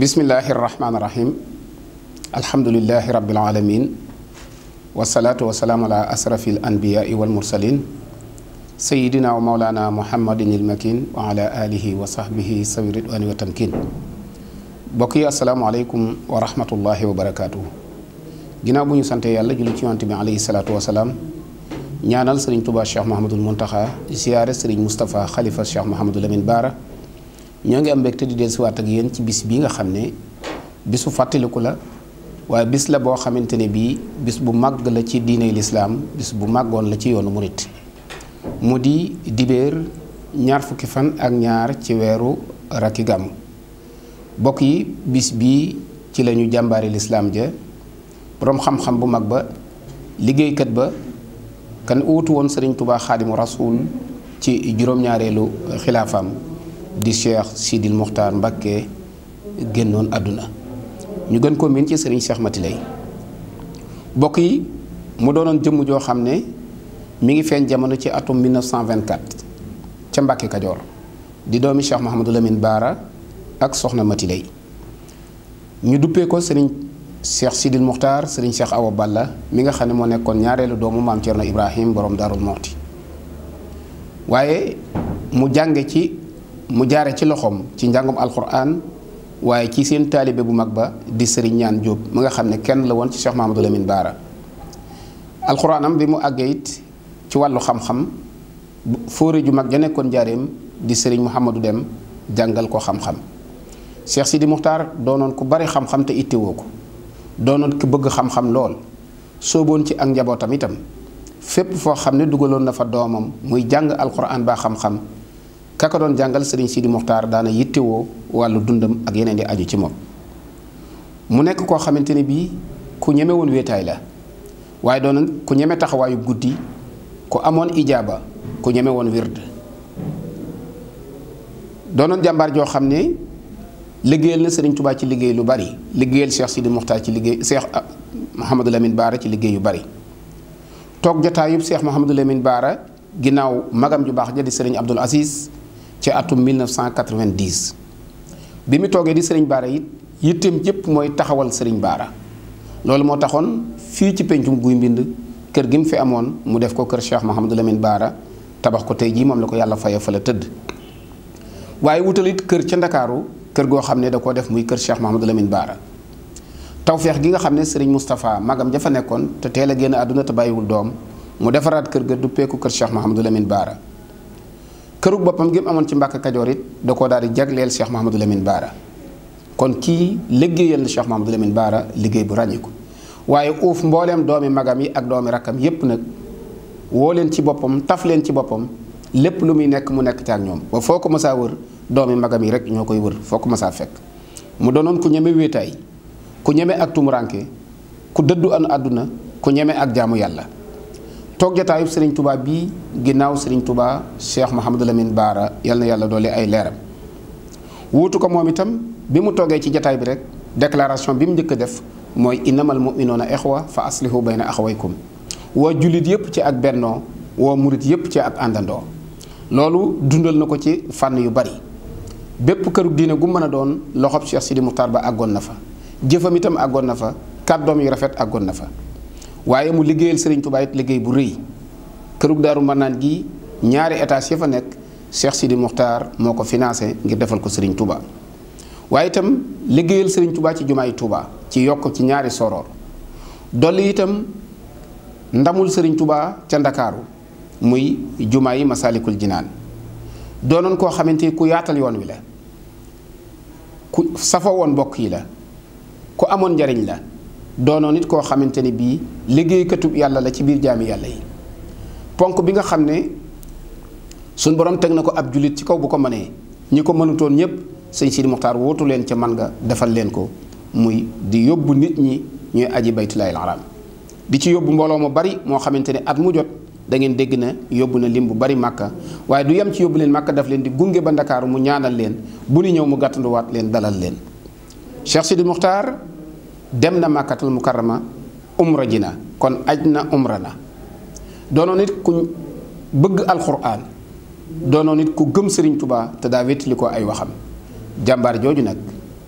bismillaahi rahmaani rahiim alhamdulillaahi rabbil aalamiin wasalaatu wasalaamu ala asrafi alanbiyaai walmursalin sayidina wa mawlaana muhammadin ilmakin wa ala alihi wa sahbihi sawi ridwaani wa tamkin bokk yi asalaamualeykum wa wa barakaatuhu ginnaaw bu ñu sante yàlla julli ci yonte bi alayhi salaatu wasalaam ñaanal sëriñ tubaa cheikh mahamadul muntaxa baara ñoo ngi am mbégte di dellusiwaat ak yéen ci bis bi nga xam ne bisu fàttaliku la waaye bis la boo xamante ne bii bis bu màgg la ci diiney lislaam bis bu màggoon la ci yoonu murit mu di dibeer ñaar fukki fan ak ñaar ci weeru rakigam gàmm bokk yi bis bi ci lañu ñu jàmbaari lislaam ja boroom xam-xam bu mag ba liggéeykat ba kan uutu woon sëriñ tubaa xaadimu rasuul ci juróom-ñaareelu xilaafaam di cheikh sidil muxtaar mbakke génnoon àdduna ñu gën ko miin ci sëriñ cheikh mati lay bokk yi mu doonoon jëmm joo xam ne mu ngi feeñ jamono ci atum 1924 ca Mbàkke Kajoor di doomi Cheikh Mouhamadou Lamine Baara ak soxna Mati ñu duppee ko sëriñ Cheikh Sidil Muxtaar sëriñ Cheikh Awa Balla mi nga xam ne moo nekkoon ñaareelu doomu maam na Ibrahim borom Daarul Moxti waaye mu jànge ci mu jaare ci loxoom ci njàngum alquran waaye ci seen taalibe bu mag ba di sëriñ ñaan Jóob mu nga xam ne kenn la woon ci Cheikh Mahamadou Lamine Baara alxuraanam bi mu àggee it ci wàllu xam-xam fóore ju mag ja nekkoon njaareem di sëriñ Mouhamadou Dem jàngal ko xam-xam Cheikh Sidi Muxtaar doonoon ku bari xam-xam te ittewoo ko doonoon ku bëgg xam-xam lool sooboon ci ak njabootam itam fépp foo xam ne dugaloon na fa doomam muy jàng alxuraan baa xam-xam ka ko doon jàngal sëriñ Sidi Muxtaar daana yittewoo wàllu dundam ak yeneen yi aju ci moom mu nekk koo xamante ne bii ku ñeme woon wéetaay la waaye doon ku ñeme taxawaayu guddi ku amoon ijaaba ku ñeme woon wird doonoon jàmbaar joo xam ne liggéeyal na Serigne Touba ci liggéey lu bari liggéeyal Cheikh Sidi Muxtaar ci liggéey Cheikh ah, Mouhamadou Lamine Baara ci liggéey yu bari toog jotaayub Cheikh Mouhamadou Lamine Baara ginnaaw magam ju baax ja di Serigne Abdoul Aziz ci atum 1990 bi mu toogee di sëriñ Baara it yitteem yépp mooy taxawal sëriñ Baara loolu moo taxoon fii ci pencum guy mbind kër gi mu fi amoon mu def ko kër Cheikh Mouhamadou Lamine Baara tabax ko tey jii moom la ko yàlla faye fa la tëdd waaye wutal it kër ca ndakaaru kër goo xam ne da koo def muy kër Cheikh Mouhamadou Lamine Baara tawfeex gi nga xam ne sëriñ Moustapha magam dafa nekkoon te teel a génn àdduna te bàyyiwul doom mu defaraat kër ga duppeeku kër Cheikh Mouhamadou Lamine Baara kërug boppam gi amoon ci mbàkk kajoor it da koo daal di jagleel Cheikh Mahamadou Lamine Baara kon kii liggéeyal na Cheikh Mahamadou Lamine Baara liggéey bu ràññiku waaye uuf mbooleem doomi magam yi ak doomi rakkam yépp nag woo leen ci boppam taf leen ci boppam lépp lu muy nekk mu nekk ci ak ñoom ba foo ko masaa wër doomi magam yi rek ñoo koy wër foo ko masaa fekk mu doonoon ku ñeme wéetaay ku ñeme ak tumuranke ku dëddu an àdduna ku ñeme ak jaamu yàlla toog jataayu sëriñ tubaab bii ginnaaw sëriñ Touba Cheikh Mouhamadou Lamine Baara yal na yàlla doole ay leeram wuutu ko moom itam bi mu toogee ci jataay bi rek déclaration bi mu njëkk a def mooy innamal mu'minuuna ixwa fa na bayna axawaykum woo jullit yépp ci ak bennoo woo murit yëpp ci ak àndandoo loolu dundal na ko ci fànn yu bari bépp këru diine gu mën a doon loxob si Sidi Moukhtar Ba àggoon na fa jëfam itam àggoon na fa kàddoom yu rafet àggoon na fa waaye mu liggéeyal Serigne Touba it liggéey bu rëy kërug daaru Marnaan gi ñaari étage ya fa nekk Cheikh Sidi Mokhtar moo ko financé ngir defal ko Serigne Touba waaye itam liggéeyal sëriñ Touba ci jumaa yi Touba ci yokk ci ñaari soroor dolli itam ndamul sëriñ Touba ca Ndakaaru muy jumaa yi Masaalikul Jinaan doonoon koo xamante ku yaatal yoon wi la ku safoo woon mbokk yi la ku amoon njariñ la doonoon nit koo xamante ni bii liggéeykatu yàlla la ci biir jaami yàlla yi ponk bi nga xam ne suñ borom teg na ko ab jullit ci kaw bu ko mënee ñi ko mënutoon ñëpp sëñ Sidi Muxtaar wootu leen ca man nga defal leen ko muy di yóbbu nit ñi ñuy aji baytulaayil haram di ci yóbbu mbooloo mu bari moo xamante ne at mu jot da ngeen dégg na yóbbu na lim bu bari màkka waaye du yem ci yóbbu leen màkka daf leen di gunge ba ndakaaru mu ñaanal leen bu ni ñëw mu gàttanduwaat leen dalal leen dem na màkkatal mukarrama umra ji na kon aj na umra na doonoon nit ku bëgg alxuraan doonoon nit ku gëm sëriñ tubaa te daa wéttali ko ay waxam jàmbaar jooju nag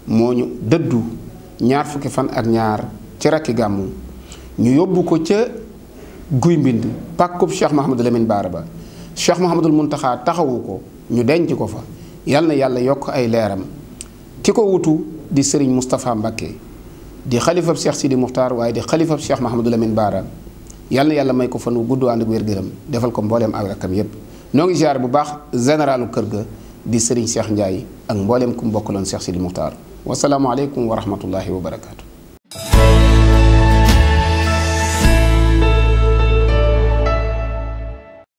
moo ñu dëddu ñaar fukki fan ak ñaar ci rakki gàmmu ñu yóbbu ko ca guy mbind pàkkub cheikh mahamadul amin baara ba cheikh mahamadul muntaxaa taxawu ko ñu denc ko fa yal na yàlla yokk ay leeram ki ko wutu di sëriñ moustapha mbàkke di xalifab si Sidi Muxtaar waaye di xalifab Cheikh Mahamadou Lamine Baara yàlla na yàlla may ko fan wu gudd ànd ak wér-gëram defal ko mbooleem ak rakkam yépp noo ngi ziar bu baax généralu kër ga di Serigne Cheikh Ndiaye ak mbooleem ku mu bokkaloon Cheikh Sidi Muxtaar wasalaamualeykum wa rahmatullahi wa barakaatu.